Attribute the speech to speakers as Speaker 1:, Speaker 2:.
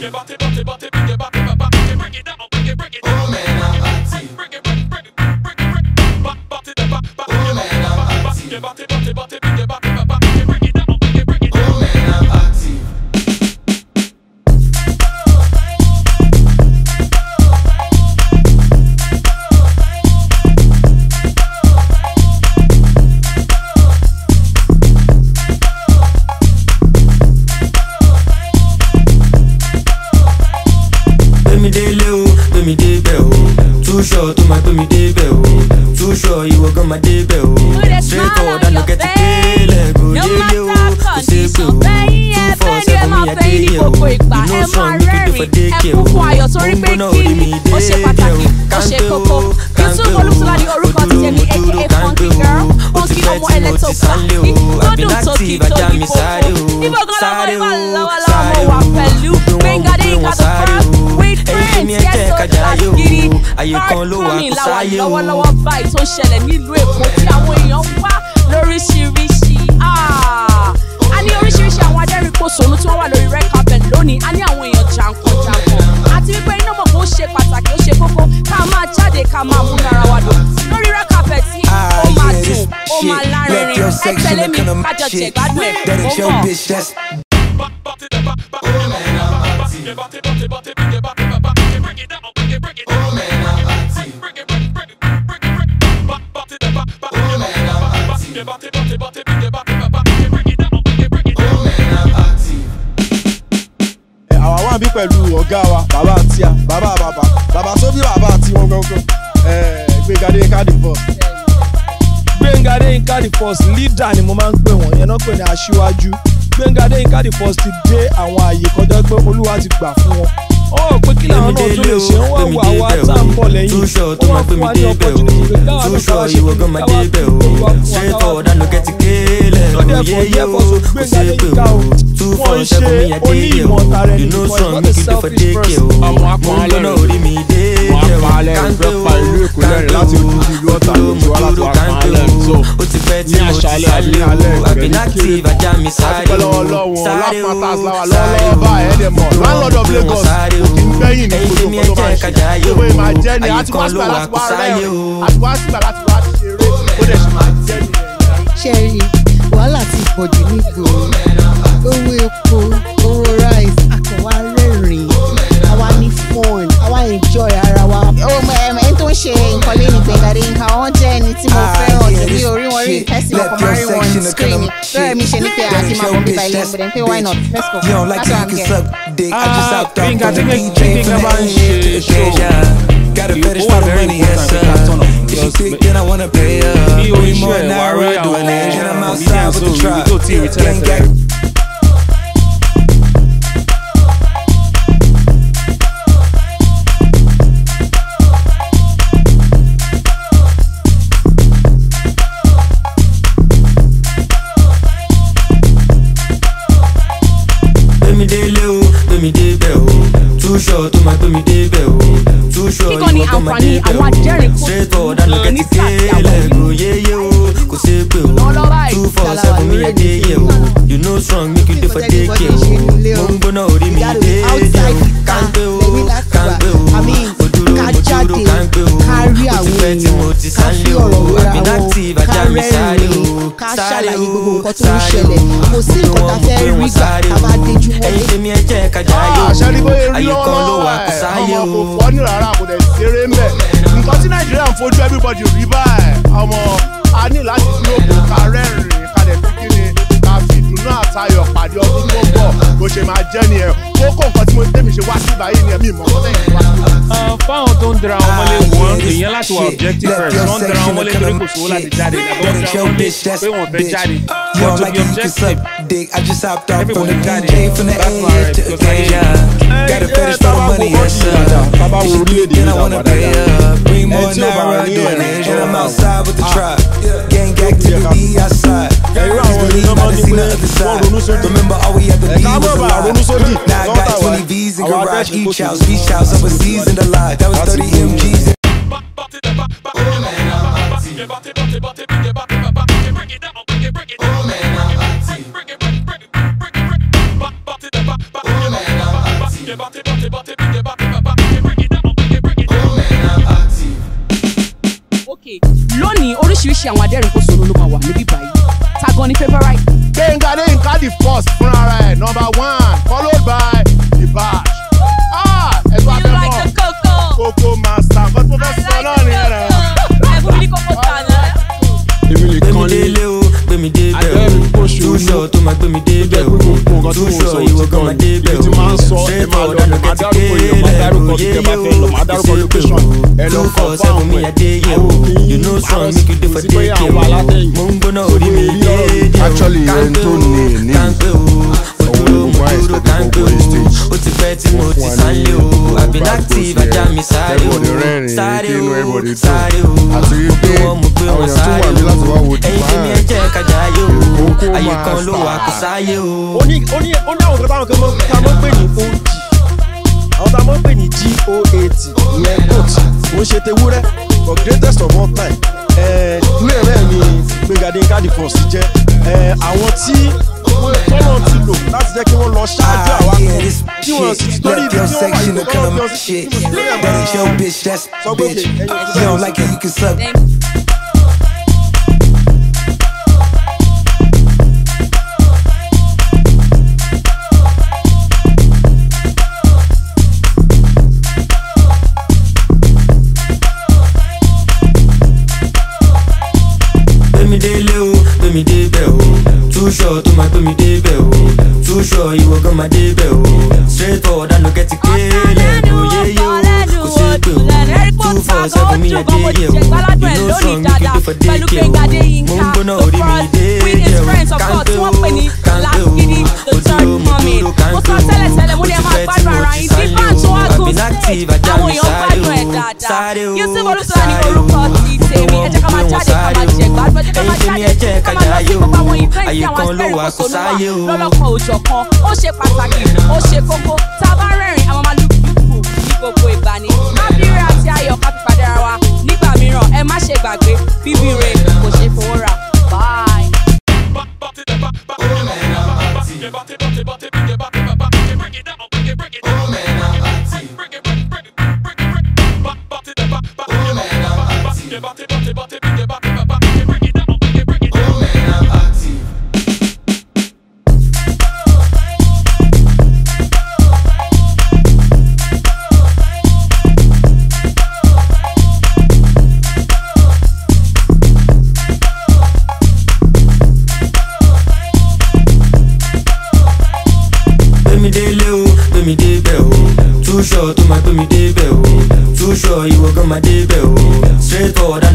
Speaker 1: Bate, bate, bate, bate. sure tó máa gbé mi débẹ̀ o too sure ìwọ gan máa débẹ̀ o straight forward and oh. no oh, get oh. it délẹ̀
Speaker 2: kò yéye
Speaker 1: o kò ṣe pé o two four seven mi àdéyẹ o inú sàn mi kéde for dékè o ó ń gbóná orí mi déédéé o kánpé o kánpé o ó dúró mo dúró kánpé o ó ti fẹ́ tí mo ti sálé o àbí láti ìbàjá mi sáré o sáré o. lọ́wọ́lọ́wọ́ báyìí tó ṣẹlẹ̀ nílùú Èkó tí àwọn èèyàn wá lóríṣiríṣi ah! a ní oríṣiríṣi àwọn adẹ́rìn pòṣónú tí wọ́n wà lórí red carpet lónìí a ní àwọn èèyàn jàǹkàn jàǹkàn àti wípé iná mọ̀ pé ó ṣe pàtàkì ó ṣe kókó ká máa jáde ká máa múnú ara wa dùn lórí red carpet yìí ó máa ah, dùn ó máa lárinrin ẹ tẹ̀lé mi kájọ jẹ̀gbádùn ẹ̀ ó mọ̀. wà bí pẹ̀lú ọ̀gá wa bàbá àti bàbá bàbá bàbá sóbí bàbá àti wọn gangan Gbénga Adéyínká the first. Gbénga Adéyínká the first leader ni mo máa ń pè wọ́n yẹn pè ní aṣíwájú Gbénga Adéyínká the first ti dé àwọn àyè kọjá pé Olúwa ti gbà fún wọn ó pé kí làwọn náà tún lè ṣe ń wá wà wá tá à ń bọ̀ lẹ́yìn ó wá fún wa ní opportunity pé káwọn náà káwọn ṣe kí káwọn fi wá fún wa náà wá sọdẹ ẹ̀fọ́ yẹ ẹ̀fọ́ tó gbé jáde ìka o wọ́n ṣe oní ìmọ̀ tààrẹ ní ìmọ̀ ìmọ̀ selfish person. ọmọ akọ̀ọ́lẹ̀ rẹ̀ wọ́n á pa alẹ́ rẹ̀ fẹ́ pa ìlú èkó lẹ́rìn láti ojú ìlú ọ̀tà lójú alápàkàlẹ̀ so ní àṣálẹ́ alẹ́ alẹ́ ìgbẹ́ni kiri àtúpẹ́ lọ́wọ́ lọ́wọ́ lápáta àsìláwà lọ́wọ́ lọ́wọ́ báyìí ẹ̀dẹ̀ mọ̀ landlord of Lagos nìkan ló wà kó sáyé o. ṣẹ́rí wàhálà ti pọ̀ jù nígboro owó epo owó rice àkànwá rẹ́rìn àwa ní fọ́ọ̀n àwa enjoy ara wa. Oh, ẹni tó ń ṣe nǹkan lé ní gbẹ̀ngàdé nǹkan wọ́n jẹ́ ẹni tí mo ah, fẹ́ràn jù ní orí wọn rí kẹ́sì ọkọ̀ mari wọn screen bẹ́ẹ̀ mi ṣe ní pé àti máa bọ̀ bíbá ilé ẹ̀mọ̀dé pé why not let's go that's what i'm getting. gbẹ̀ngàdé gbẹ̀ngàdé bá ń ṣe ṣòwò. got a fetish for the money, yes sir. If she thick, then I wanna pay her. Three more Naira doing it, and I'm outside with the trap. mi débẹ̀ o túṣọ ìwọ kọ́ máa débẹ̀ o ṣètò ọ̀daràn kẹ́tì délẹ̀ bro yéyé o kò ṣe pé o two four seven mi yẹ déyẹ o you know strong make you dey for take care o mo ń gbóná orí mi déédéé o káńpé o. nǹkan tó ń ṣẹlẹ̀ kò sí nǹkan tá a fẹ́ rí gbà a máa déjú wọlé. ẹyin tèmi ẹ jẹ́ kájà ayé ah, ayé kan ló wà kó sáyé o. ọmọ kò fọ́ ní rárá kò dẹ̀ ṣeré ń bẹ̀ nǹkan tí nàìjíríà ń fojú everybody rí báyìí ọmọ a ní láti fi òkú ká rẹ́rìn-ín ká kíni ká fi ìdùnnú àtayọ̀ pàdé ọdún tó ń bọ̀ bó ṣe máa jẹ́ nìyẹn kókó nǹkan tí mo fáwọn tó ń dira wọn mọ́lé wo tó ń dira wọn mọ́lé torí kò sówó láti jáde àbọ̀ ń dira wọn mọ́lé pé wọ́n from the wọ́n tó bí objective everybody jáde that's why I just like it. ẹ ẹ tábà wo bọ́ọ̀dì yàrá tábà wo orílẹ̀-èdè I'm yàrá ẹ tí o Remember all we had to be was a lie. Now I got 20 V's in garage, each house, beach house, overseas in the lot. That was 30 MGs. Oh Oh man, I'm hot tea. Oh man, I'm hot tea. Oh man, I'm hot tea. Okay, lónìí oríṣiríṣi àwọn adẹ́rìn-ín kò sọ̀rọ̀ ló máa wà níbí báyìí tagan ni favourite. gbẹ̀ngà ní nǹkan first fúnra rẹ̀ number one followed by the bash. ah ẹ̀sùn abẹ́mọ̀ you like the coco. coco master nǹkan tó fẹ́ sọ náà ni ẹ̀rẹ̀. ẹ̀bùn mi kò kó tà náà. èmi lè kàn ní ilé o gbẹ̀mí dé bẹ̀ o túṣọ tó máa gbẹ̀mí dé bẹ̀ o túṣọ ìwọ kan máa dé bẹ̀ o ṣé ìfọwọ́ máa dárúkọ èèyàn máa dárúkọ bí tẹ bá fẹ́ lọ máa dárúkọ location ẹ lọ kọ fún àwọn ẹ̀ àwọn òbí àwọn kò sí pé àwọn alátẹ̀yìn sórí orí ọ̀rọ̀ mi. actually ẹni eh, tó ní ní òun ló dúró kánpé o ó ti pẹ́ tí mo ti sálé o àbíláàtì bàjá mi sáré o sáré o sáré o gbé wọn mú gbé wọn sáré o ẹyin tèmi ẹ jẹ́ kájà ayé o ayé kan ló wà kó sáyé o. ó ní ó ní ó ní àwọn ọ̀dọ́ báwọn kan máa ń ní oúnjẹ àwọn tá a mọ̀ ń pè ní g-o-a-t ìyẹn goat mo ṣe tewúrẹ́ for greatest of all time lóyè náà ni gbẹ̀gàdé kádìfọ̀s jẹ́ àwọn tí tọ́lọ̀ ti lò láti jẹ́ kí wọ́n lọ ṣáájú àwa kan tí wọ́n sì torí ibi tí wọ́n wà yìí lọ́wọ́ bí wọ́n sì lè bẹ̀rẹ̀ sọ pé ẹ̀yin ti sọ. sure tó máa gbé mi débẹ̀ o too sure ìwọ gan máa débẹ̀ o straight forward no kẹ́tì kéèlẹ̀ o yéye o kò sí pé o two four seven mi yẹn déyẹ o you know some mi kéde for déyẹ o mo ń gbóná orí mi déyẹ o kánpé o kánpé o òdúró mo dúró kánpé o o ti fẹ́ tí mo ti sáré o àbí láti ìbàjá mi sáré o sáré o sáré o. àyè kan ló wà kó sáyé o. lọ́lọ́kan òòjọ́ kan ó ṣe pàtàkì ó ṣe kókó tá a bá rẹ́rìn àwọn máa lùkùkù ní gbogbo ìgbà ni. ábírẹ̀ àti ayọ̀ ká fi pàdé ara wa nígbà mìíràn ẹ má ṣe gbàgbé bíbí rẹ̀ kò ṣe fowó ra bye. Oh man, I'm hot. Oh sure tó máa gbé mi débẹ̀ o too sure ìwọ gan máa débẹ̀ o straight forward